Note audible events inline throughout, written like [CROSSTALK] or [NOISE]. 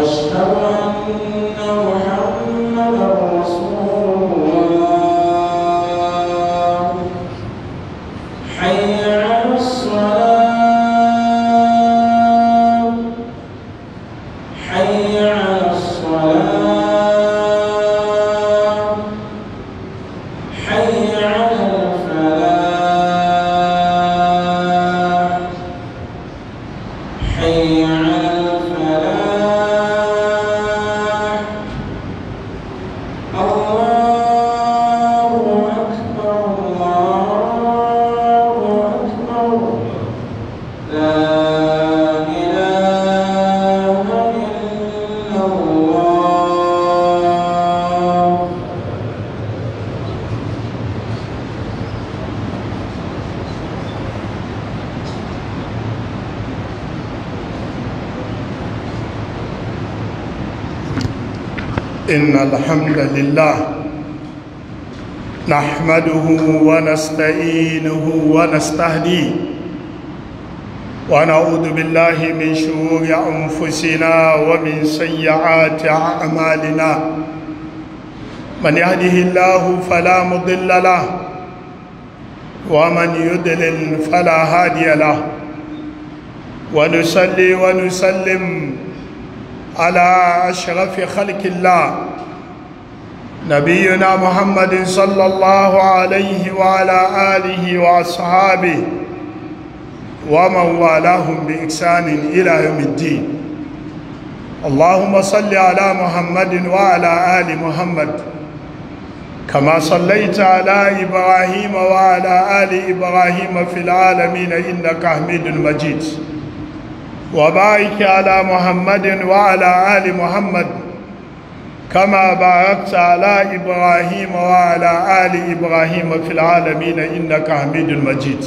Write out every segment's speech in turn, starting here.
أشهد أن محمدا الحمد لله نحمده ونستعينه ونستهديه ونعوذ بالله من شرور أنفسنا ومن سيئات أعمالنا من يهده الله فلا مضل له ومن يضلل فلا هادي له ونصلي ونسلم على أشرف خلق الله نبينا محمد صلى الله عليه وعلى آله وأصحابه ومن والاهم بإحسان إلى يوم الدين اللهم صل على محمد وعلى آل محمد كما صليت على إبراهيم وعلى آل إبراهيم في العالمين إنك حميد مجيد وبارك على محمد وعلى آل محمد كما باركت على إبراهيم وعلى آل إبراهيم في العالمين إنك حميد مجيد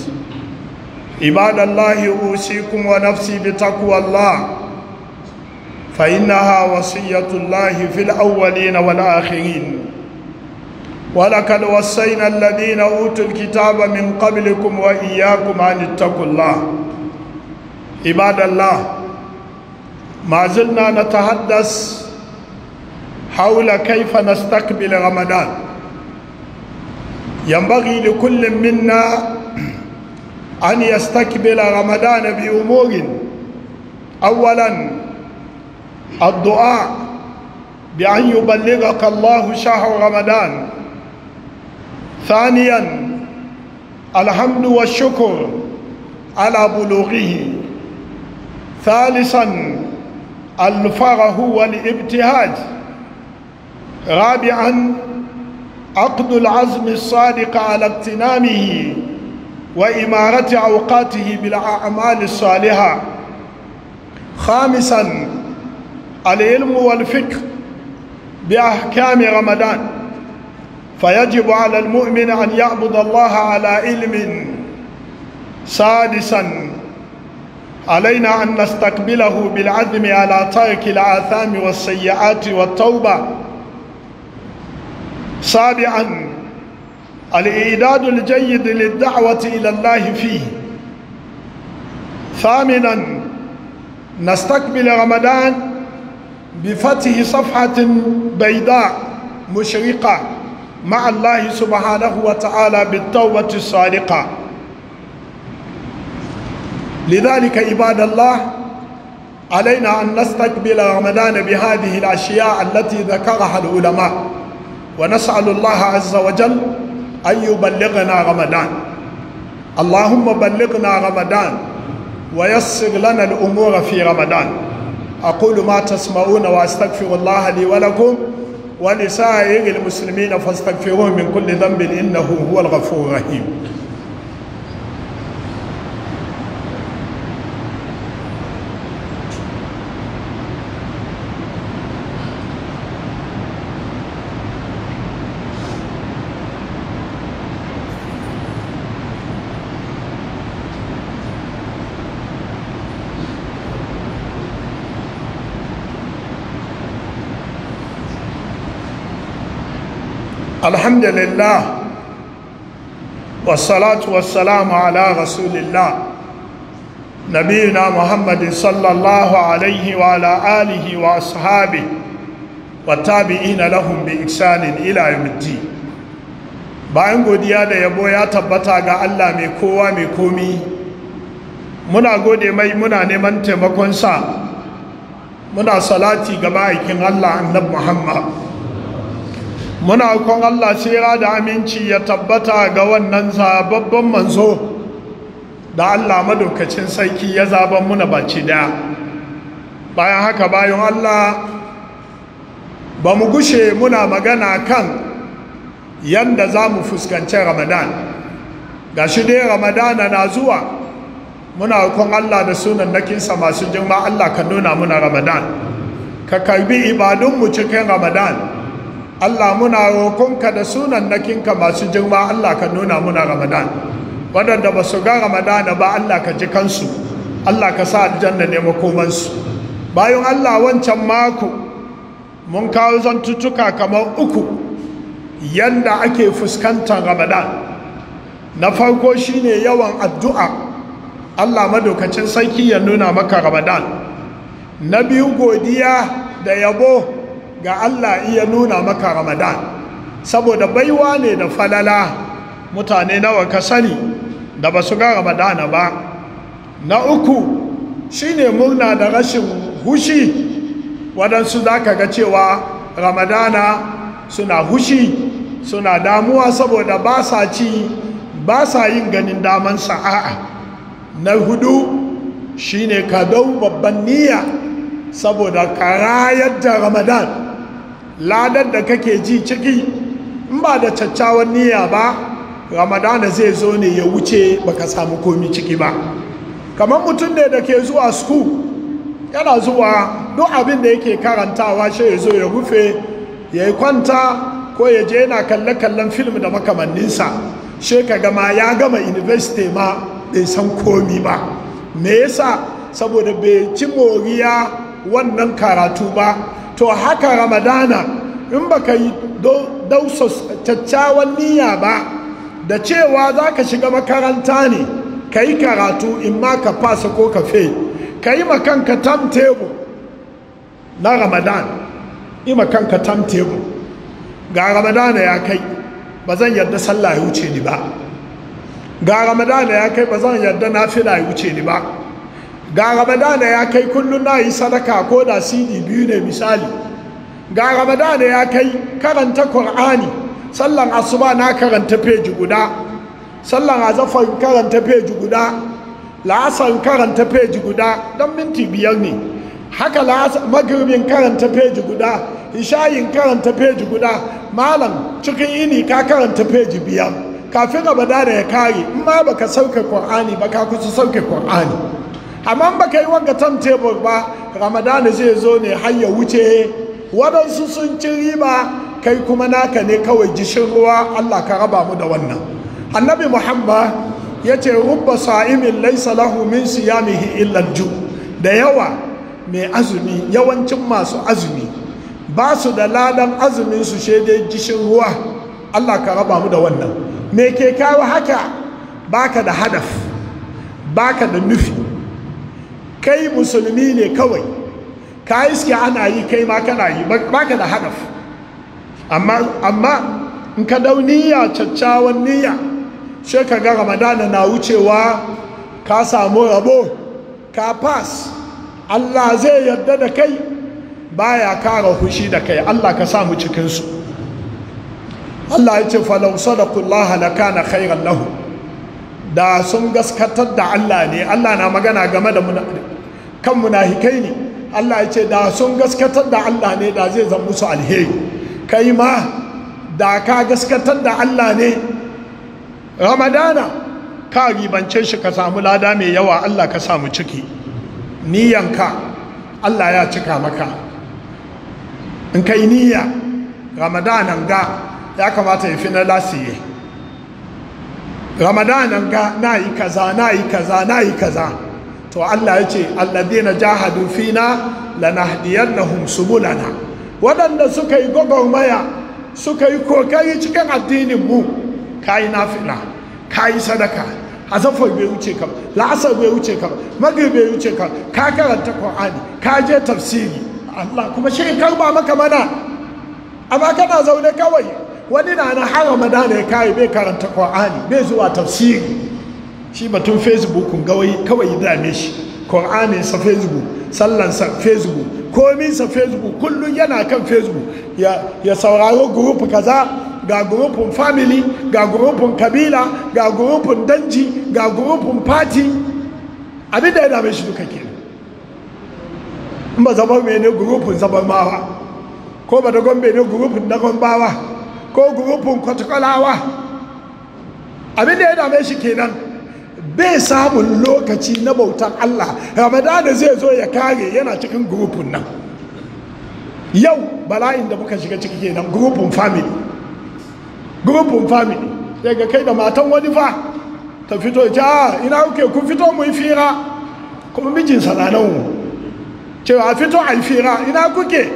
عباد الله أوصيكم ونفسي بتقوى الله فإنها وصية الله في الأولين والآخرين ولقد وصينا الذين أوتوا الكتاب من قبلكم وإياكم أن اتقوا الله عباد الله ما زلنا نتحدث حول كيف نستقبل رمضان ينبغي لكل منا أن يستقبل رمضان بأمور أولا الدعاء بأن يبلغك الله شهر رمضان ثانيا الحمد والشكر على بلوغه ثالثا الفرح والابتهاج رابعا عقد العزم الصادق على اغتنامه وإمارة أوقاته بالأعمال الصالحة خامسا العلم والفقه بأحكام رمضان فيجب على المؤمن أن يعبد الله على علم سادسا علينا أن نستقبله بالعزم على ترك الآثام والسيئات والتوبة سابعا الإعداد الجيد للدعوة إلى الله فيه ثامنا نستقبل رمضان بفتح صفحة بيضاء مشرقة مع الله سبحانه وتعالى بالتوبة الصادقة لذلك عباد الله علينا أن نستقبل رمضان بهذه الأشياء التي ذكرها العلماء ونسأل الله عز وجل أن يبلغنا رمضان اللهم بلغنا رمضان ويسر لنا الأمور في رمضان أقول ما تسمعون وأستغفر الله لي ولكم ولسائر المسلمين فاستغفروه من كل ذنب إنه هو الغفور الرحيم alhamdulillah wasalatu wasalamu ala rasulillah nabiyina muhammadin sallallahu alaihi wa ala alihi wa ashabi wa tabi'ina lahum bi ihsanin ila yawmiddin bayan godiya da yabo ya tabbata ga Allah mai kowa mai komi muna gode mai muna neman taimakonsa muna salati ga ma'aikin Allah annabi Muhammad muna kon Allah tsira da aminci ya tabbata ga wannan zababban manzo da Allah madaukacin sarki ya zaban muna baci daya bayan haka bayan Allah ba mu gushe muna magana kan yanda za mu fuskanci ramadan ga shi dai Ramadan na zuwa muna kon Allah da sunan nakinsa masu ma Allah ka nuna muna ramadan ka karbi ibadunmu cikin ramadan Allah muna rokonka da sunan nakinka masu jirma. Allah ka nuna muna Ramadan waɗanda ba su ga Ramadan ba Allah ka ji kansu Allah ka sa aljanna ne makomansu bayan Allah wancan mako mun kawo zantuttuka kamar uku yanda ake fuskantar Ramadan na farko shine yawan addu'a Allah madaukacin sarki ya nuna maka Ramadan na biyu godiya da yabo ga Allah iya nuna maka Ramadan saboda baiwa ne da falala mutane nawa ka sani da ba su ga Ramadana ba na uku shine murna da rashin hushi waɗansu za ka ga cewa Ramadana suna hushi suna damuwa saboda ba sa ci ba sa yin ganin daman sa'a na hudu shine ka dau babban niyya saboda ka rayar da ramadan ladar da kake ji ciki in ba da caccawan niyya ba ramadana zai zo ne ya wuce baka samu komi ciki ba kamar mutum ne da ke zuwa sku yana zuwa duk abin da yake karantawa shi ya zo ya rufe ya yi kwanta ko ya je yana kalle-kallen film da makamanninsa shi ka gama ya gama university ma bai san komi ba me yasa saboda bai ci moriya wannan karatu ba to haka ramadana in baka yi dausa caccawan niyya ba da cewa za ka shiga makaranta ne ka yi karatu in ma ka fasa ko ka fe ka yi makanka timetable na ramadan yi makanka timetable ga ramadana ya kai ba zan yarda sallah ya wuce ni ba ga ramadana ya kai ba zan yarda na fila ya wuce ni ba ga ramadana ya kai kullum na yi sadaka ko da cd biyu ne misali ga ramadana ya kai karanta Kur'ani, sallan asuba na karanta feji guda sallan azafar karanta feji guda la'asar karanta feji guda don minti biyar ne haka magarbin karanta feji guda ishayin karanta feji guda malam cikin ini ka karanta feji biyar kafin ramadana ya kare in ma baka sauke Kur'ani ba ka kusa sauke Kur'ani. amma ba ka yi wanga tam tebur ba ramadana zai zo ne har ya wuce waɗansu sun ci riba kai kuma naka ne kawai jishin ruwa allah ka raba mu da wannan annabi muhammad ya ce rubba sa'imin laisa lahu min siyamihi illa ju da yawa mai azumi yawancin masu azumi ba su da ladan azumin su shaidai jishin ruwa allah ka raba mu da wannan me ke kawo haka baka da hadaf baka da nufi kai musulmi ne kawai ka iske ana yi kai ma kana yi baka da hadaf amma in ka dau niyya caccawan niyya sai ka ga ramadana na wucewa ka samu rabo ka pass Allah zai yarda da kai baya kara hushi da kai Allah ka samu cikinsu Allah ya ce falau na lakana khairan lahu da sun gaskatar da Allah ne Allah na magana game da kan munafikai ne Allah ya ce da sun gaskatar da Allah ne da zai zama musu alheri kai ma da ka gaskatar da Allah ne ramadana ka ribance shi ka samu lada mai yawa Allah ka samu ciki niyanka Allah ya cika maka in kai niyya ramadanan ga ya kamata ya fi na lasiye ramadanan ga na yi kaza na yi kaza na yi kaza to Allah ya ce alladina jahadu fina lanahdiyannahum subulana waɗanda suka yi gwagwarmaya suka yi kokari cikin addinin mu kayi ka yi sadaka azafar bai wuce ka la'asar bai wuce ka magri bai wuce ka ka karanta qur'ani ka je tafsiri Allah kuma shi karba maka mana amma kana zaune kawai wani na na har ramadana ya kare bai karanta qur'ani bai zuwa tafsiri shi batun facebook gawai kawai dame shi qur'anin sa facebook sallan sa facebook komin sa facebook kullum yana kan facebook ya ya sauraro group kaza ga gurufin family ga gurufin kabila ga gurufin danji ga gurufin party abin da ya dame shi duka kenan in ba zama mene ne gurufin zaban bawa ko ba da gombe ne gurufin na gombawa ko gurupun kwatakwalawa abin da ya dame shi kenan bai samun lokaci na bautan Allah ramadana zai zo ya kare yana cikin gurupun nan yau bala'in da muka shiga ciki kenan gurupun family Gurupun family daga kai da matan wani fa ta fito a ah, ina kuke kun fito mu fira kuma mijin na cewa fito a fira ina kuke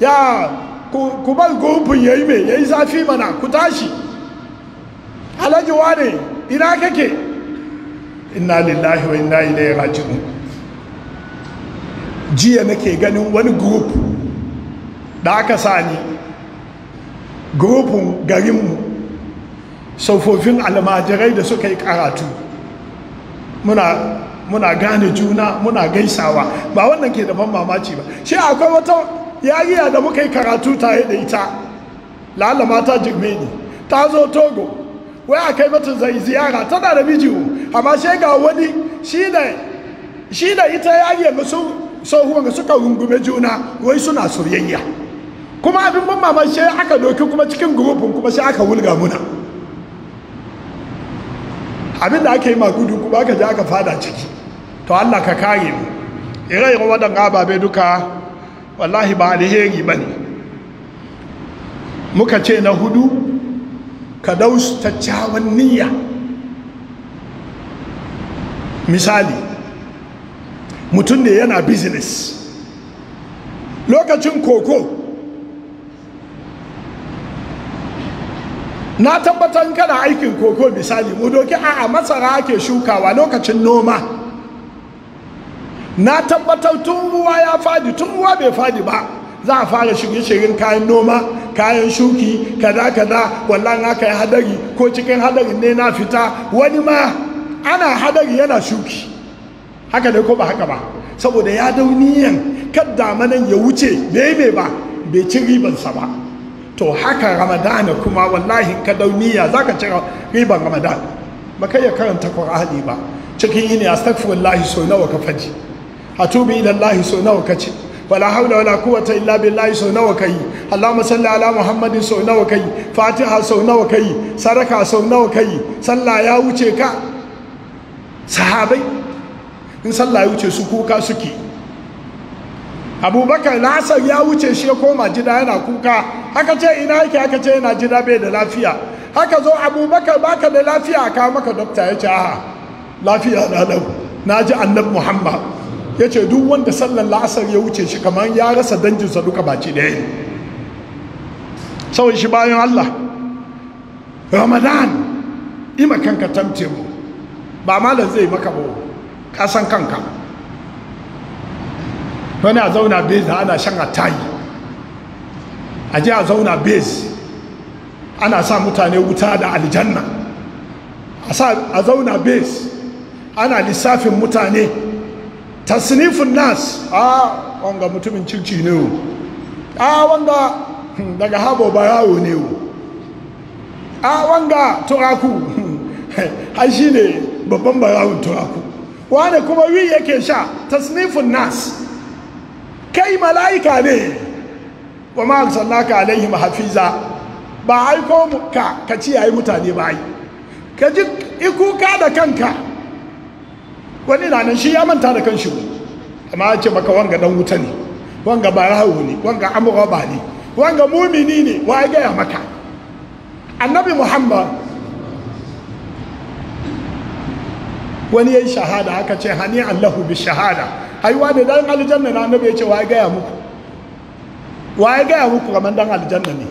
ya ku bar gumfin ya yi mai ya yi zafi mana ku tashi alhaji wane ina kake inna lillahi wa inna ilaihi raji'un jiya nake ganin wani group da aka sani garin garinmu Saufofin almajirai da suka yi karatu muna gane juna muna gaisawa ba wannan ke da ban mamaci ba shi akwai wata yariya da muka yi karatu tare da ita lalama ta ne ta zo togo wai a kai mata zai ziyara tana da mijiwu amma sai ga wani shi da ita musu su da suka rungume juna wai suna soyayya kuma abin ban shi aka doki kuma cikin gurufin kuma sai aka wulga muna abin da aka yi magudu kuma aka je aka fada ciki to allah ka kare mu ire-iren waɗanda ababe duka wallahi ba alheri ba ne muka ce na hudu ka dausu ta niyya misali mutum ne yana business lokacin koko na tabbatar kana aikin koko misali mu doki a masara ake shukawa lokacin noma na tabbatar tun ruwa ya fadi tun ruwa bai fadi ba za a fara shirye-shiryen kayan noma kayan shuki kada-kada, wallan aka yi hadari ko cikin hadarin ne na fita wani ma ana hadari yana shuki haka dai ko ba haka ba saboda ya dau niyan kad damanan ya wuce bai bai ba bai ci ribansa ba to haka ramadana kuma wallahi ka dau niyya zaka ci riban ramadana baka ya karanta qur'ani ba cikin yini astaghfirullah so nawa ka faji atubu ila Allah so nawa ka ce, wala haula wala quwwata illa billahi so nawa yi Allahumma salli ala Muhammadin so nawa ka yi, Fatiha so nawa ka yi, saraka so nawa ka yi, sallah ya wuce ka sahabai in sallah ya wuce su kuka suke abubakar nasar ya wuce shi ya koma jida yana kuka haka ce ina yake haka ce yana jida bai da lafiya haka zo abubakar baka da lafiya ka maka dokta ya ce a'a lafiya na lau na ji annab muhammad ya ce duk wanda sallan la'asar ya wuce shi kamar ya rasa danjinsa duka baki da yi sauyin shi bayan allah ramadan ima kanka tamce mu ba malam zai maka ba kasan kanka wani a zauna bezi ana shan atayi a je a zauna bezi ana sa mutane wuta da aljanna a zauna bezi ana lissafin mutane Tasnifin nas a wanga mutumin circi ne o a wanga hmm, daga habo barawo ne o a wanga turaku hmm, [LAUGHS] ai shi ne babban barawun turaku wane kuma wi yake sha tasnifin nas kai mala'ika ne wa ma arsalnaka alaihim hafiza ba aiko ka ka ci yayi mutane ba ai ka ji ikuka da kanka wani na nan shi ya manta da kanshi amma ya ce maka wanga dan wuta ne wanga barawo ne wanga amuraba ne wanga mumini ne wa ya gaya maka annabi muhammad wani ya yi shahada aka ce hani allahu bi shahada haiwa ne dan aljanna na annabi ya ce wa ya gaya muku wa ya gaya muku kamar dan aljanna ne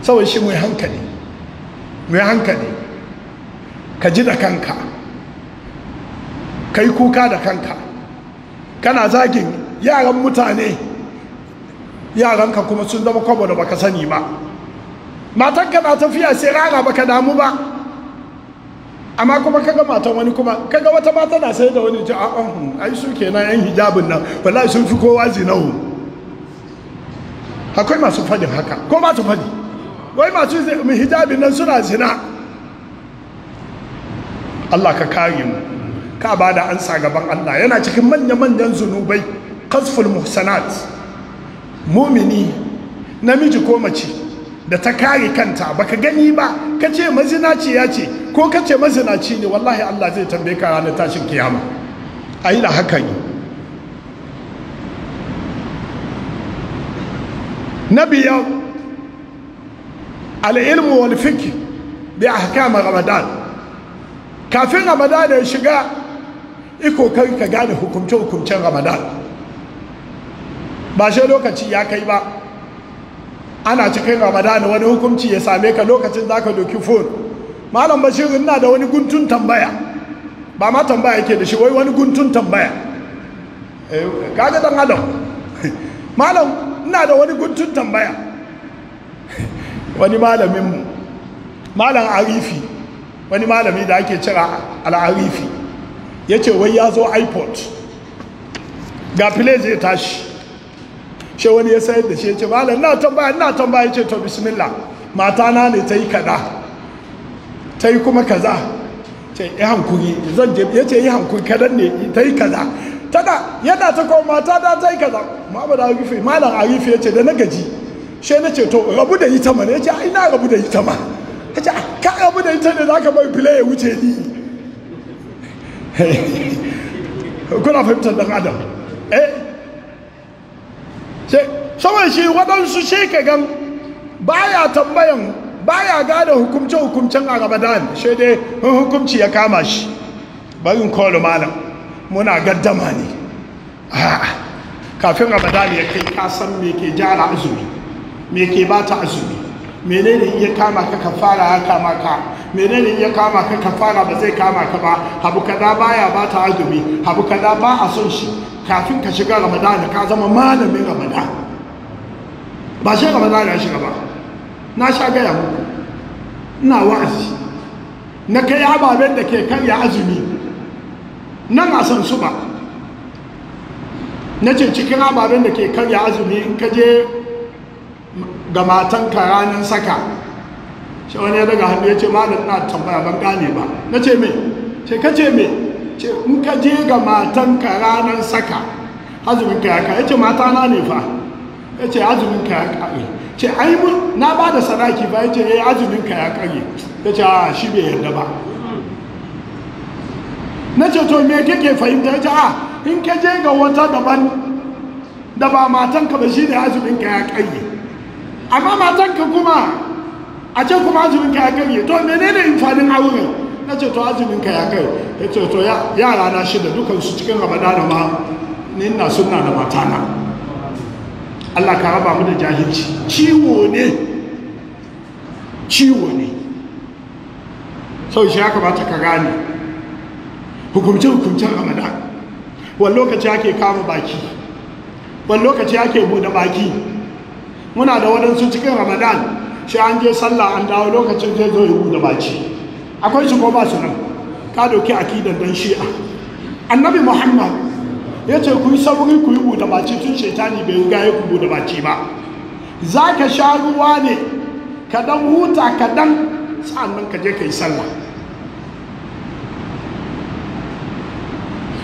saboda shi mai hankali mai hankali ka ji da kanka kai kuka da kanka kana zagin yaran mutane yaranka kuma sun zama kwabo da baka sani ba matanka na tafiya sai rara baka damu ba amma kuma kaga matan wani kuma kaga wata mata na sai da wani ji a an ai su kenan yan hijabin nan bala sun fi kowa zinahu akwai masu fadin haka ko masu fadi wai masu hijabin nan suna zina Allah ka kare mu ka ba da ansa gaban Allah yana cikin manya-manyan zunubai kasful muhsanat mumini namiji ko mace da ta kare kanta baka gani ba ka ce mazinaci ya ce ko ka ce mazinaci ne wallahi Allah zai tambaye ka ranar tashin kiyama a yi da haka ne na biyar al'ilmu wal fiki bi ahkam ramadan kafin ramadan ya shiga iko kai ka gane hukumce hukumcen ramadan ba shi lokaci ya kai ba ana cikin ramadan wani hukunci ya same ka lokacin za ka doki fon malam bashirin na da wani guntun tambaya ba ma tambaya yake da shi wai wani guntun tambaya eh, kaga dan adam [LAUGHS] malam na da wani guntun tambaya [LAUGHS] wani malamin malam arifi wani malami da ake cira al'arifi ya ce wai ya zo ipod ga filai zai tashi shi wani ya sayar da shi ya ce malam na tambaya na tambaya ya ce to bismillah na ne ta yi kada ta yi kuma kaza ce yi hankuri zan je ya ce yi hankuri kadan ne ta yi kaza tana yana ta kawo mata da ta yi kaza ma'abu da arifi malam arifi ya ce da na gaji shi na ce to rabu da ita ma ne ya ce ina rabu da ita ma ya ce ah, ka rabu da ita ne za ka bar filai ya wuce ni kuna fahimtar dan adam eh saboda shi waɗansu shi ka gan baya tambayan baya gane hukumce-hukumcen a ramadan shi dai hukumci ya kama shi barin kolo malam muna gaddama ne kafin ramadan ya kai kasan me ke jara azumi me ke bata azumi menene iya kama ka kafara ya kama ka menene iya kama ka kafara ba zai kama ka ba abu kaza baya ba ta azumi abu kaza ba a son shi kafin ka shiga ramadan ka zama malamin ramadan ba shi ramadan ya shiga ba na sha gaya muku ina wa'azi na kai ababen da ke karya azumi na na son su ba na ce cikin ababen da ke karya azumi in ka je ga matanka karanin saka shi wani ya daga hannu ya ce malam na tambaya ban gane ba na ce me ce ka ce me ce in ka je ga matanka karanin saka azumin ka ka ya ce mata na ne fa ya ce ka ya ka ce ai mun na ba da sadaki ba ya ce eh, ya yi azuminka ya kare ya ce a shi bai yarda ba na ce to me kake fahimta ya ce a in ka je ga wata daban da ba matanka ba shi ne ka ya kare amma ka kuma a ce kuma ka ya karye to menene infanin aure na ce to ka ya kai ya ce to yara na shida su cikin ramadana ma ni ina sunna da matana Allah ka raba mu da jahilci ciwo ne ciwo ne sau shi ya kamata ka gane hukumce hukumcen ramadan wani lokaci ake kama baki wani lokaci ake bude baki muna da waɗansu cikin ramadan shi an je sallah an dawo lokacin zai zo ya da baci akwai su ko ba su nan ka doki akidan dan shi'a annabi muhammad ya ce ku yi sauri ku yi buɗe baci tun shaitani bai yi ya ku buɗe baci ba za ka sha ruwa ne ka dan huta ka dan sa'annan ka je ka yi sallah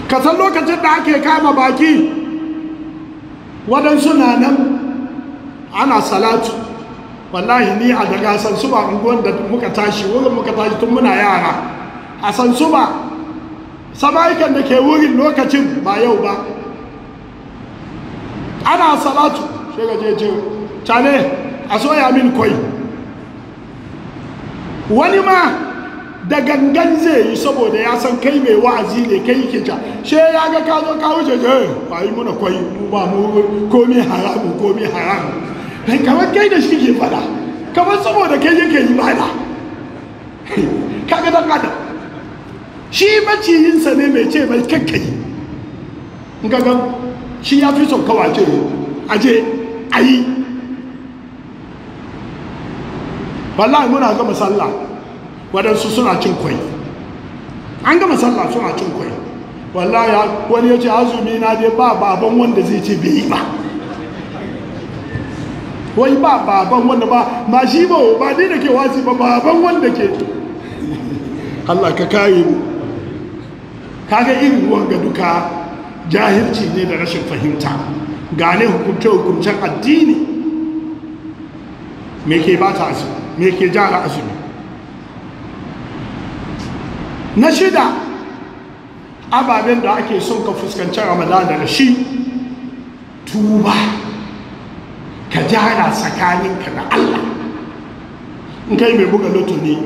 ka san lokacin da ake kama baki waɗansu na nan ana salatu wallahi ni a daga san suba unguwan da muka tashi wurin muka tashi tun muna yara a san suba samaikan da ke wurin lokacin ba yau ba ana salatu shi ga jeje cane a soya min kwai wani ma da gangan zai yi saboda ya san kai mai wa'azi ne kai yake shi she ya ga kazo zo ka wuce je eh, ba yi muna kwai ba mu komi haramu komi haramu kai kamar kai da shi ke fada kamar saboda kai yake yi bada kaga dan adam shi maciyinsa ne mai ce mai kakkai gagan shi ya fi son kawace aje a yi wallahi muna gama sallah waɗansu suna cin kwai an gama sallah suna cin kwai wallahi wani ya ce azumi na dai ba baban wanda zai ce bai yi ba wai ba baban wanda ba ba shi ba ba ni da ke wasi ba baban wanda ke Allah ka kare mu kaga irin ga duka jahilci ne da rashin fahimta gane hukunce hukuncen addini me ke ba ta azumi me ke jara azumi na shida ababen da ake son ka fuskanci ramadana da shi tuba ka jara tsakaninka da Allah in kai mai buga lutu ne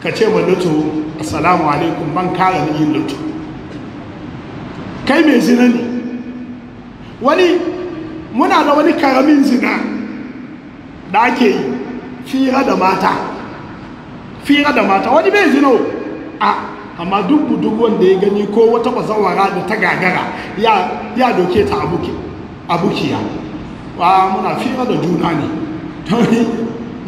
ka ce ma lutu assalamu alaikum ban kara yin lutu kai mai zina ne wani muna da wani karamin zina da ake yi fira da mata fira da mata wani bai zino a amma duk wanda ya gani ko wata bazawara da ta gagara ya doke ta abuki abukiya ba muna fiye da juna ne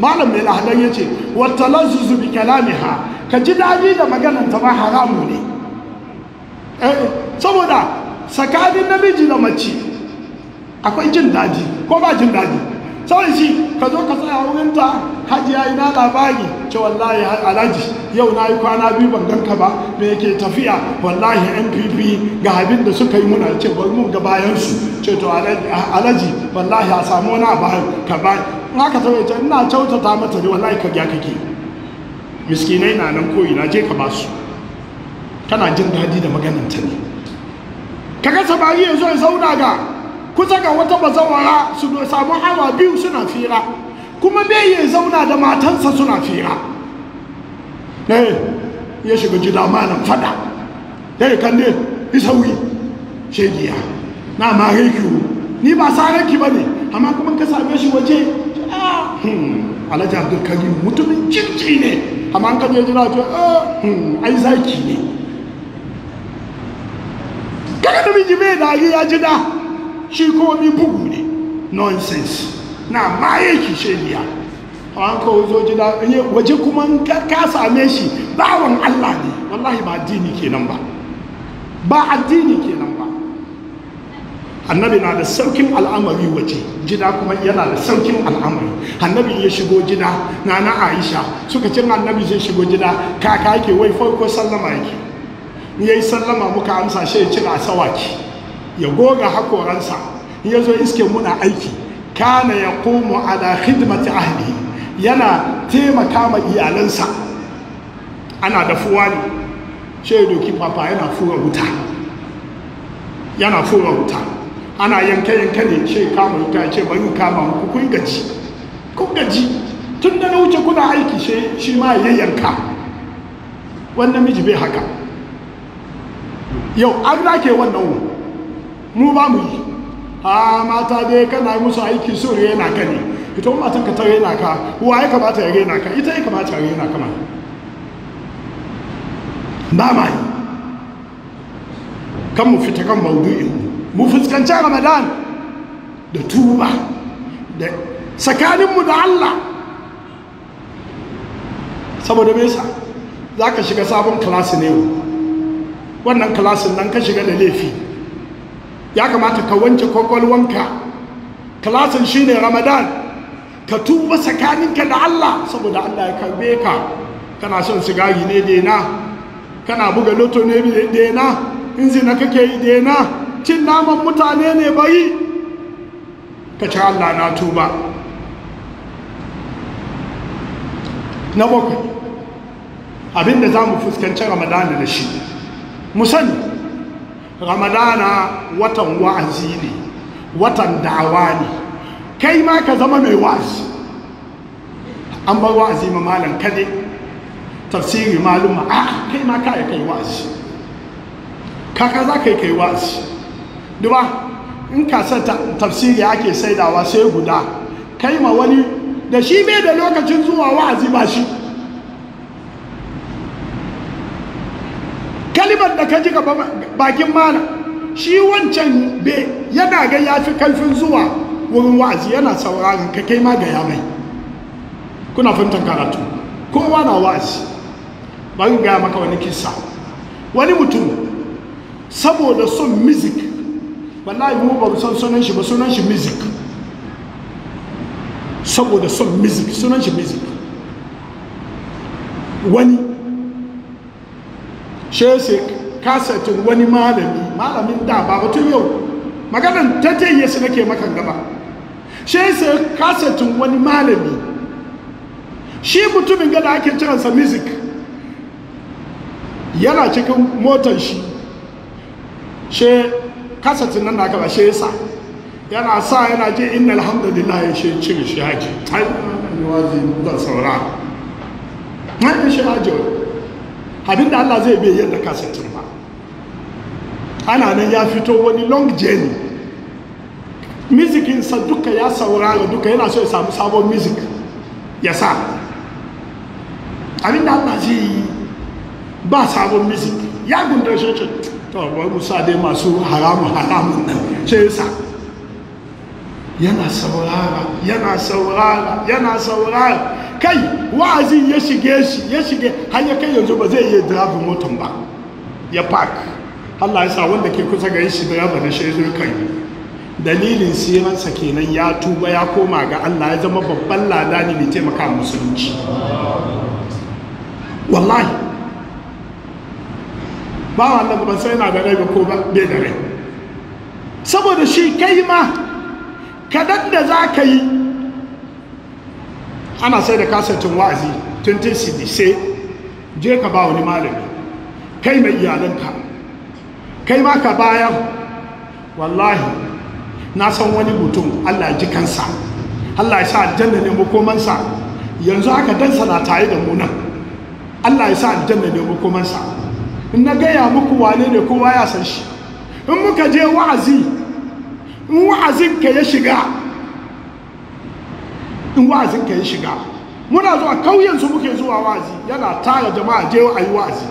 malam mai lahadar ya ce wata zuzu bi ha? ka ji daji da maganan ta ba haramu ne eh, saboda tsakanin namiji da mace akwai jin daji ko ba jin daji sai shi ka zo ka tsaya wurin ta hajiya na labari ce wallahi alhaji yau na yi kwana biyu ban ganka ba me yake tafiya wallahi npp ga abin da suka yi muna ce bari mun ga bayan su ce to alhaji wallahi a samu wani abu ka ba in ce ina kyautata mata ne wallahi ka gya kake miskinai na nan koyi na je ka ba su kana jin daɗi da maganin ta ne kaga samari yanzu ya zauna ga kusa ga wata bazawara su samu hawa biyu suna fira kuma bai yi zauna da matansa suna fira ne ya shiga gida malam fada ya yi kande yi sauyi shegiya na ma rekiyo ni ba sa reki ba ne amma kuma ka same shi waje hmm, alhaji abdulkarim mutumin jirgi ne amma an kaje jira to hmm, ai zaki ne kada da miji bai dariya jida shi komi bugu ne nonsense na ma yake shebiya an ka waje kuma ka same shi bawan Allah ne wallahi ba addini kenan ba ba addini kenan ba annabi na da saukin al'amari waje gida kuma yana da saukin al'amari annabi ya shigo gida na na aisha suka ce annabi zai shigo gida kaka yake wai farko sallama yake in sallama muka amsa shi ya cira ki. ya goga hakoransa ya zo iske muna aiki kana ya komo ala khidmati ahli yana taimaka ma iyalansa ana dafuwa ne shi doki papa yana fura wuta yana fura wuta ana yanke yanke ne ce kama wuta ce yi kama ku kun gaji kun gaji tun da na wuce kuna aiki shi ma ya yanka wannan miji bai haka yau an rake wannan wuri mu ba mu yi a mata dai kana musu aiki su rena ka ne ita kuma matan ka ta rena ka wa ya kamata ya na ka ita ya kamata ya rena ka ma ba ma yi kan mu fita kan maudu'in mu fuskanci ramadan da tuba da tsakaninmu da allah saboda me yasa za ka shiga sabon klasi ne wannan klasin nan ka shiga da laifi ya kamata ka wanke kwakwalwanka klasin ne ramadan ka tuba tsakaninka da allah saboda allah ya karbe ka kana son sigari ne dena kana buga loto ne dena in zina kake yi dena cin naman mutane ne bari ka ci allah na tuba na bakwai abinda za mu fuskanci Ramadan da shi mu ramadana watan wa'azi ne watan dawa ne kai ma ka zama mai wa'azi an bar wa'azi ma malam kade tafsiri maluma a kai ma ka kai wa'azi kaka za ka yi kai wa'azi duba in ka kasar tafsiri ake saidawa sai guda kai ma wani da shi bai da lokacin zuwa wa'azi ba shi kalimar da ka ji gaba bakin mana shi wancan be yana ga ya fi kaifin zuwa wurin wa'azi yana sauraron ka kai ma ga ya mai kuna fintan karatu kowa na wa'azi bari ga maka wani kisa wani mutum saboda son music wallahi mu ba san sunan shi ba sunan shi music saboda son music sunan shi music wani shese kasatin wani malami malamin da ba batun yau maganan ta jayye su nake makan gaba shese kasatin wani malami shi mutumin gada ake ciransa music yana cikin motar shi she kasatin nan na gaba shesa yana sa yana je inna alhamdulillah ya she cire shi haji ai wazi da saura na shi haji abin da Allah zai bai yadda kasatin ba ana nan ya fito wani long journey musikinsa duka ya saurara duka yana so ya samu sabon music ya sa abin da Allah zai yi ba sabon music ya gundar shi to wai musa dai masu haramu haramun nan ce ya sa yana saurara yana saurara yana saurara kai wa'azin ya shige shi ya shige har ya kai yanzu ba zai yi drive motor ba ya park Allah ya sa wanda ke kusa ga shi driver na shi zai kai dalilin siransa kenan ya tuba ya koma ga Allah ya zama babban ladani mai taimaka musulunci wallahi ba wannan ban sai na da rai ko ba bai da rai saboda shi kai ma kadan da za ka yi ana sai da kasatin wa'azi tun cd sai je ka ba wani malami kai mai iyalanka kai ma ka bayan wallahi na san wani mutum allah ji kansa allah ya sa aljanna ne makomansa yanzu haka dansa na tare da munan. allah ya sa aljanna ne makomansa in na gaya muku wane ne kowa ya san shi in muka je wa'azi in wa'azinka ya shiga in wa'azinka ya shiga muna zuwa kauyen su muke zuwa wa'azi yana tara jama'a je a yi wa'azi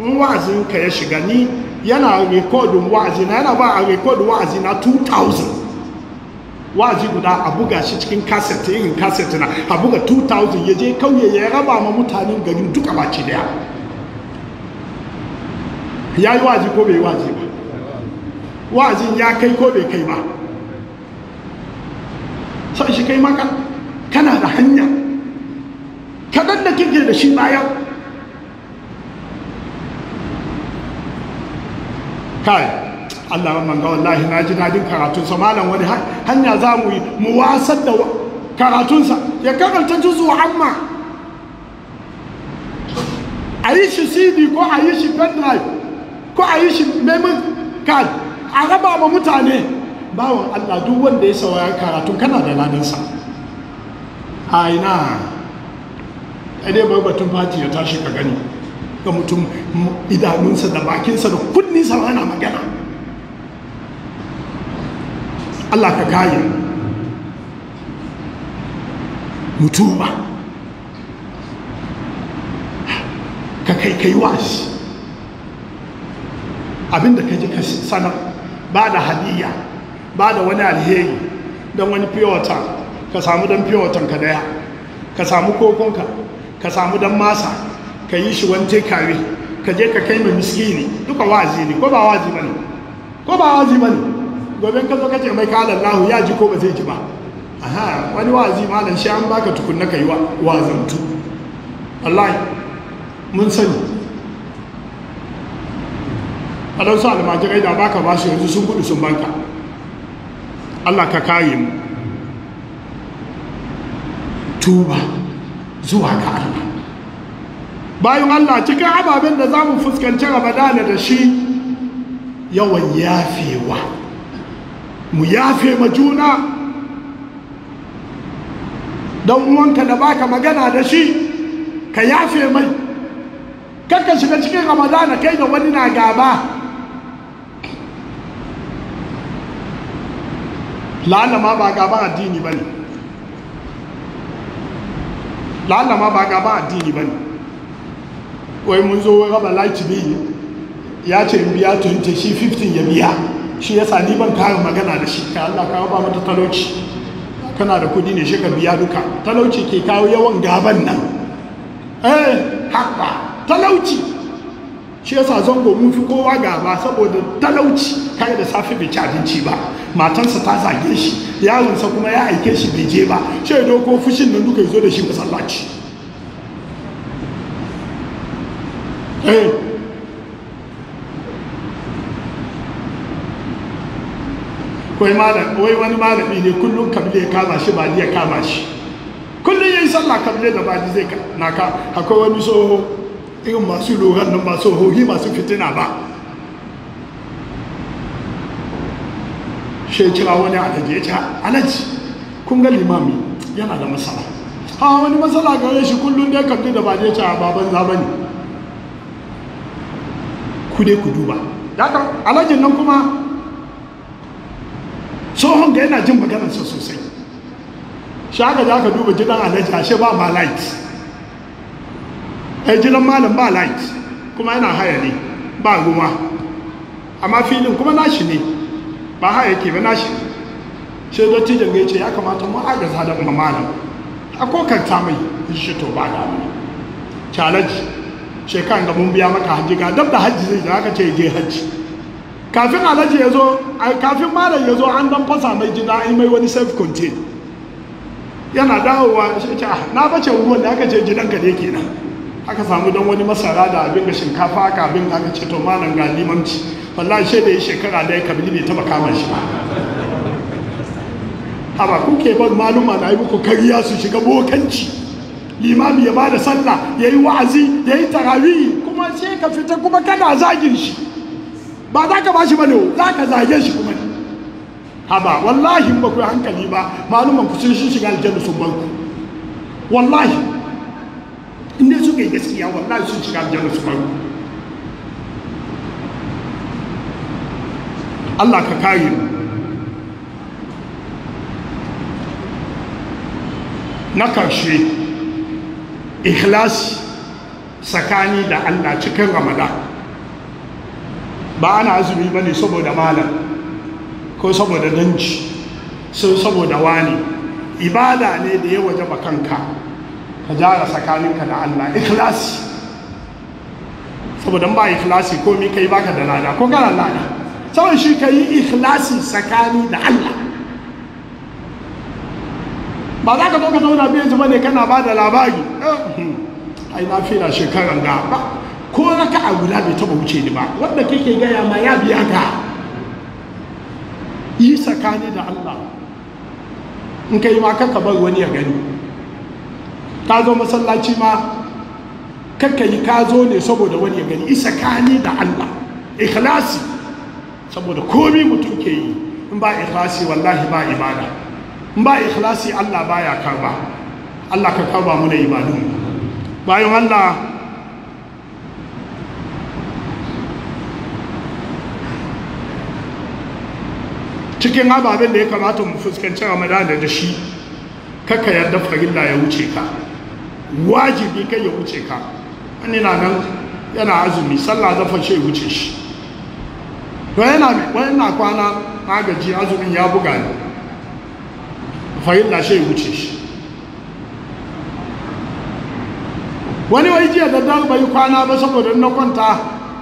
in wa'azinka ya shiga ni yana rekodin wa'azi na yana ba a rekodin wa'azi na 2000 wa'azi guda a buga shi cikin kaset irin kaset na a buga 2000 ya je kauye ya raba ma mutanen garin duka baki daya ya yi wa'azi ko bai wa'azi ba wa'azin ya kai ko bai kai ba sai shi kai maka kana da hanya kaɗan da kike da shi bayan kai Allah ya manga wallahi na ji dadin sa malam wani hanya za mu yi mu wasar da karatun sa ya karanta juzu amma a yi shi cd ko a yi shi drive ko a yi shi memory card a raba ma mutane bawan Allah duk wanda ya saurari karatu kana da ladansa a ina ɗaya bar batun fati ya tashi ka gani ga mutum idanunsa da bakinsa da kunninsa na magana Allah ka kaya mutuba ka kai kai washi abinda ka ji ka sanar ba da hadiyya ba da wani alheri don wani fiyowata ka samu don fiyowatan ka daya ka samu kokonka ka samu don masa ka yi shi wani tekawe ka je ka kai mai ne duka wazi ne ko ba wazi ba ne ko ba wazi ba ne gobe ka zo ka ce mai kalan lahu ya ji ko ba zai ji ba aha wani wazi nan shi an baka tukunna ka yi wazantu wallahi mun sani a don su almajirai da baka ba su yanzu sun gudu sun banka Allah ka kayi mu tuba zuwa ga Allah bayan Allah cikin ababen da za mu fuskanci ramadana da shi yawan yafewa mu yafe ma juna don uwanka da baka magana da shi ka yafe mai kakka shiga cikin ramadana kai da wani na gaba ma ba gaban addini ba ne ma ba gaban addini ba ne wai mun zo raba lakibi ne ya ce in biya 20 shi 15 ya biya shi ya sani ni ban karin magana da shi ka Allah ka raba mata talauci kana da kudi ne shi ka biya duka talauci ke kawo yawan gaban nan eh haka talauci shi yasa zango mun fi kowa gaba saboda talauci kai da safe bai ci abinci ba matansa ta zage shi yaronsa kuma ya aike shi bai je ba shi doko fushin nan duka zo da shi masallaci eh wai wani malami ne kullum kabile kama shi ba ya kama shi kullum yayin sallah kabile da ba zai na ka akwai wani so irin masu lura nan masu hohi masu fitina ba shi kira wani alaji ya ce alaji kun ga limami yana da matsala. ha wani matsala gare shi kullum dai kaddu da ba ya ce a baban zamani ku dai ku duba daga alajin nan kuma tsohon ga yana jin maganarsa sosai shi aka za ka duba gidan alaji ashe ba ma light ai gidan malam ba light kuma yana haya ne ba ruwa amma filin kuma nashi ne ba haya ke ba nashi sai dattijan ya ce ya kamata mu agaza da kuma malam a ta mai shi to ba da mu challenge shekaran da mun biya maka hajji ga dab da hajji zai da aka ce je hajji kafin alhaji ya zo kafin malam ya zo an dan fasa mai jina ai mai wani self contained yana dawowa shi ce na bace ruwan da aka ce jinan ka ne kenan aka samu don wani masara da abin ga shinkafa aka abin aka ce to malam ga limanci wallahi shi da ya shekara da ya kabili bai taba kama shi ba haba kuke ban maluma na yi muku kariya su shiga bokanci limami ya bada sallah ya yi wa'azi ya yi tarawi kuma sai ka fita kuma kana zagin shi ba za ka bashi bane za ka zage shi kuma ne haba wallahi ba ku hankali ba maluman ku sun shiga aljanna sun banku wallahi ne gaskiya wallahi sun shiga aljanna su faru Allah ka kare na karshe ikhlas tsakani da Allah cikin ramadan ba ana azumi ba ne saboda malam ko saboda danci sun saboda wani ibada ne da ya waje kanka ka jara tsakaninka da Allah ikilasi. saboda ba ikilasi ko mi kai baka da lada ko kana lada saboda shi ka yi ikilasi tsakani da Allah ba za ka zo ka zauna biyan zuba ne kana ba da labari eh, ai na fila shekaran da ba ko ka a guda bai taba wuce ni ba wanda kake gaya ma ya biya ka yi tsakani da Allah in ka yi ma kanka bar wani ya gani ka zo masallaci ma kakka yi ka zo ne saboda wani ya gani isa kani da Allah ikhlasi saboda komi mutum ke yi in ba ikhlasi wallahi ba ibada in ba ikhlasi Allah baya karba Allah ka karba mu da ibadu bayan Allah cikin ababen da ya kamata mu fuskanci Ramadan da shi kakka yarda farilla ya wuce ka wajibi kai ya wuce ka wani na nan yana azumi sallah zafa ce wuce shi to yana wani na kwana agaji azumin ya buga ne fahimta shi wuce shi wani wai jiya da dalibai kwana ba saboda na kwanta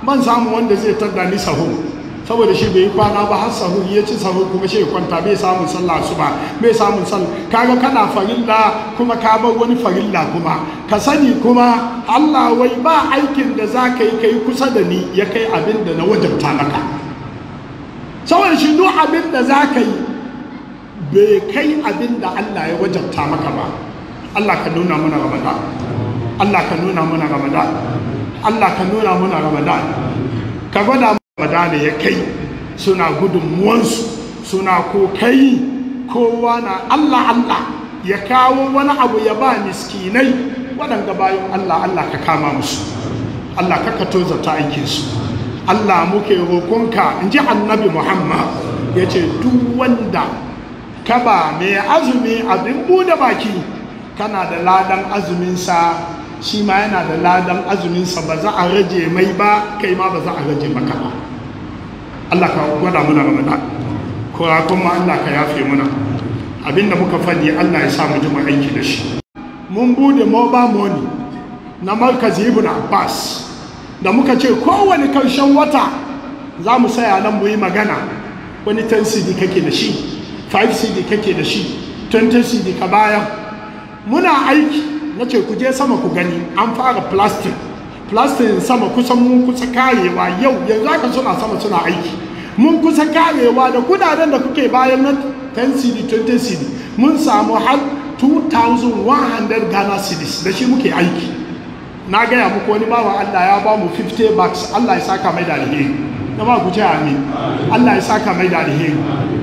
ban samu wanda zai tadda ni sahun saboda shi bai kwana ba har sahu ya ci sahu kuma shi kwanta bai samun sallah su ba bai samun sallah kaga kana farilla kuma ka bar wani farilla kuma ka sani kuma Allah wai ba aikin da za ka yi kai kusa da ni ya kai abin da na wajabta maka saboda shi duk abin da za ka yi bai kai abin da Allah ya wajabta maka ba Allah ka nuna mana ramadan Allah ka nuna mana ramadan Allah ka nuna mana ramadan ka gwada madana ya kai suna gudunmuwansu suna kai kowa na Allah Allah ya kawo wani abu ya ba miskinai waɗanda bayan Allah Allah ka kama musu Allah ka kato zata aikinsu Allah muke roƙonka in ji annabi Muhammad ya ce duk wanda ka ba mai azumi abin buɗe baki kana da ladan azuminsa shi ma yana da ladan azuminsa ba za a rage mai ba kai ma ba za a rage maka ba Allah ka gwada muna ko kuma kuma Allah ka yafe muna abinda muka fadi Allah ya sa mu ji mu aiki da shi mun bude mobile money na markazi ibn Abbas da muka ce kowane karshen wata za mu saya nan mu yi magana wani 10 cd kake da shi 5 cd kake da shi 20 cd ka bayan muna aiki na ce ku je sama ku gani an fara plastic plastic sama kusan mun kusa kayewa yau yanzu haka suna sama suna aiki mun kusa kayewa da kudaden da kuke bayan na 10 cd 20 cd mun samu har 2100 ghana cedis da shi muke aiki na gaya muku wani bawa allah ya ba mu 50 bucks allah ya saka mai da alheri na ba ku ce amin allah ya saka mai da alheri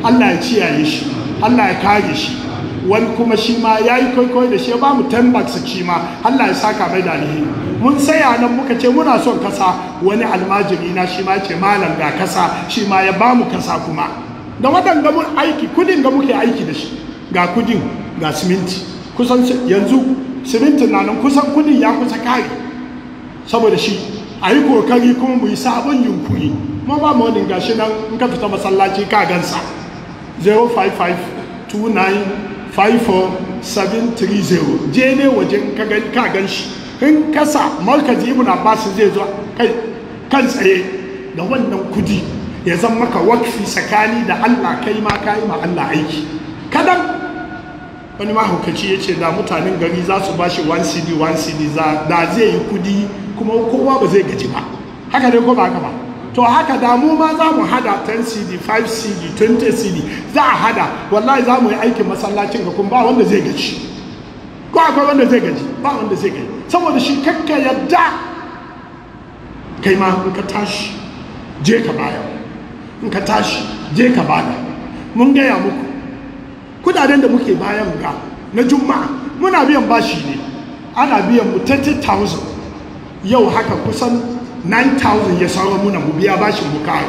allah ya ciyaye shi allah ya kage shi wani kuma shi ma ya yi kwaikwayo da shi ya ba mu tambax shi ma Allah ya saka mai da alheri mun saya nan muka ce muna son kasa wani almajiri na shi ma ce malam ga kasa shi ma ya ba mu kasa kuma da waɗanda mun aiki kudin ga muke aiki da shi ga kudin ga siminti kusan yanzu simintin na nan kusan kudin ya kusa kare saboda shi a yi kokari kuma mu yi sabon yunkuri ma ba mu wani gashi nan in ka fita masallaci ka gansa 055 54730 je ne wajen ka gan shi in kasa markazi ibn abbas zai zo kai kan tsaye da wannan kudi ya zan maka wakfi tsakani da allah kai ma ka yi ma allah aiki kadan wani mahaukaci ya ce da mutanen gari za su ba shi 1 cd 1 cd da zai yi kudi kuma kowa ba zai gaji ba haka dai ko ba haka ba to haka da mu ma za mu hada 10 cd 5 cd 20 cd za a hada wallahi za mu yi aikin masallacin ga kuma ba wanda zai gaji ko akwai wanda zai gaji ba wanda zai gaji saboda shi kakka yadda kai ma in ka tashi je ka baya in ka tashi je ka baya mun gaya muku kudaden da muke bayan ga na juma'a muna biyan bashi ne ana biyan mu 30,000 yau haka kusan 9,000 ya samu muna mu biya bashin bukari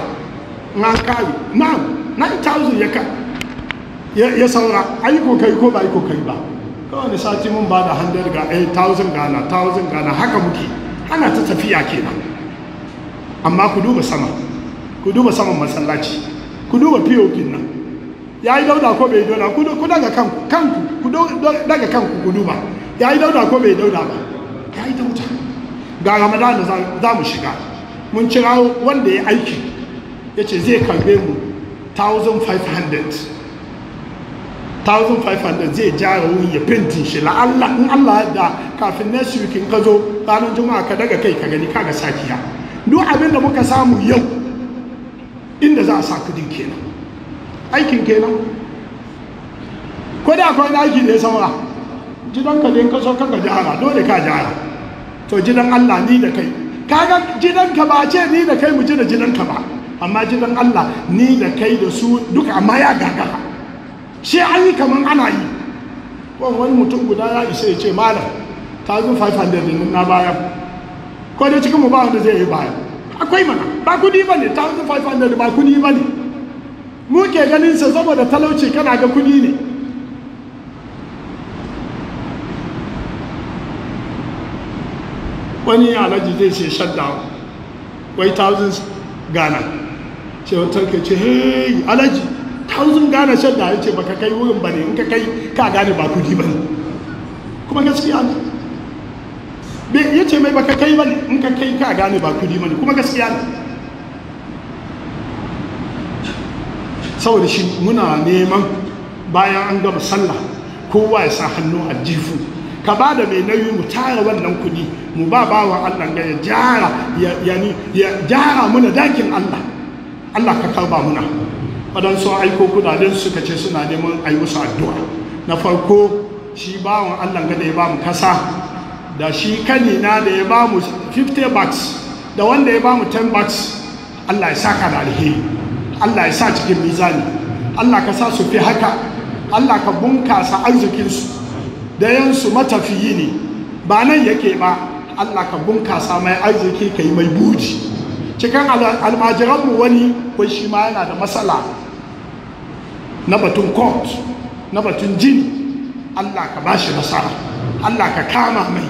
na kare na 9,000 ya kare ya saura ayi kokari ko ba ayi kokari ba kawai kowane sati mun ba da 100 ga 8,000 gana 1,000 gana haka muke ana ta tafiya kenan amma ku duba sama ku duba saman masallaci ku duba piyokin nan ya yi dauda ko bai dauda ku daga kanku kanku ku daga kanku ku duba ya yi dauda ko bai dauda ba ya yi dauda ga ramadan za mu shiga mun kira wanda ya aiki ya ce zai karbe mu 1500 1500 zai jara wurin ya fenti shi la'alla in Allah da kafin next week in ka zo ranar juma'a ka daga kai ka gani kaga sakiya duk abin da muka samu yau inda za a sa kudin kenan aikin kenan ko da akwai aiki da ya saura ka da in ka so ka jihara dole ka jihara. to gidan Allah ni da kai kaga gidanka ba ce ni da kai mu ji da gidanka ba amma gidan Allah ni da kai da su duka amma ya gagara shi an yi kaman ana yi wani mutum guda ya isa ya ce malam ta zo 500 na baya ko da cikin mu ba wanda zai yi baya akwai mana ba kudi ba ne ta 500 ba kudi ba ne mu ke ganin sa saboda talauci kana ga kudi ne wani alhaji zai ce shutdown wai thousands ghana ce wata ke ce hey alhaji thousand ghana shutdown ya ce baka kai wurin ba ne in ka kai ka gane ba kudi ba ne kuma gaskiya ne ya ce mai baka kai ba ne in ka kai ka gane ba kudi ba ne kuma gaskiya ne saboda shi muna neman bayan an gama sallah kowa ya sa hannu a jifu ka ba da mai nauyi mu tara wannan kuɗi mu ba bawan Allah ga ya jara ya jara muna dakin Allah Allah ka karba muna waɗansu aiko kudaden suka ce suna neman a yi musu addu'a na farko shi bawan Allah ga da ya ba mu kasa da shi kanina da ya ba mu 50 bucks da wanda ya ba mu 10 bucks Allah ya saka da alheri Allah ya sa cikin mizani Allah ka sa su fi haka Allah ka bunkasa arzikinsu da yansu matafiyi ne ba nan yake ba Allah ka bunkasa mai arziki ka yi mai buji cikin almajiranmu wani kwai shi ma yana da matsala na batun court na batun jini Allah ka bashi nasara Allah ka kama mai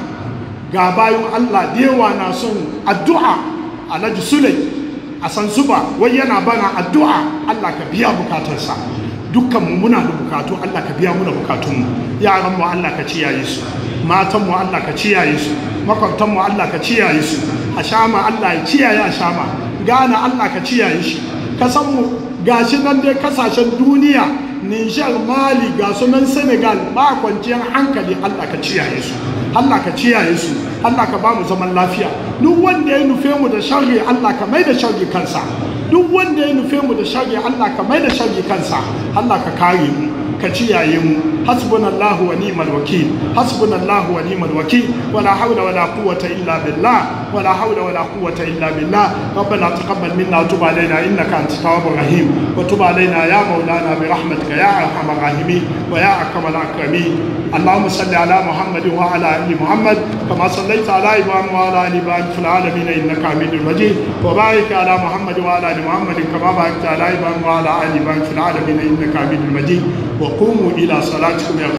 ga bayan Allah da yawa na son addu'a alhaji sulai a san zuba wai yana bana addu'a Allah ka biya bukatarsa dukkanmu muna da bukatu Allah ka biya muna bukatunmu yaran mu Allah ka ciyaye su matan mu Allah ka ciyaye su makwabtan mu Allah ka ciyaye su ashama Allah ya ciyaye ashama gana Allah ka ciyaye shi san mu gashi nan dai kasashen duniya Niger Mali ga nan Senegal ba kwanciyar hankali Allah ka ciyaye su Allah ka ciyaye su Allah ka ba mu zaman lafiya duk wanda ya nufe mu da sharri Allah ka mai da sharri kansa duk wanda ya nufe mu da sharri Allah ka mai da sharri kansa Allah ka kare mu ka ciyaye mu hasbunallahu wa ni'mal wakil hasbunallahu wa ni'mal wakil wala hawla wala quwwata illa billah wala hawla wala quwwata illa billah rabbana taqabbal minna wa tub alaina innaka antat tawwabur rahim wa tub alaina ya maulana bi rahmatika ya arhamar rahimin wa ya akramal akramin اللهم صل على محمد وعلى ال محمد كما صليت على ابراهيم وعلى ال ابراهيم في العالمين انك حميد مجيد وبارك على محمد وعلى ال محمد كما باركت على ابراهيم وعلى ال ابراهيم في العالمين انك حميد مجيد وقوموا إلى صلاتكم يا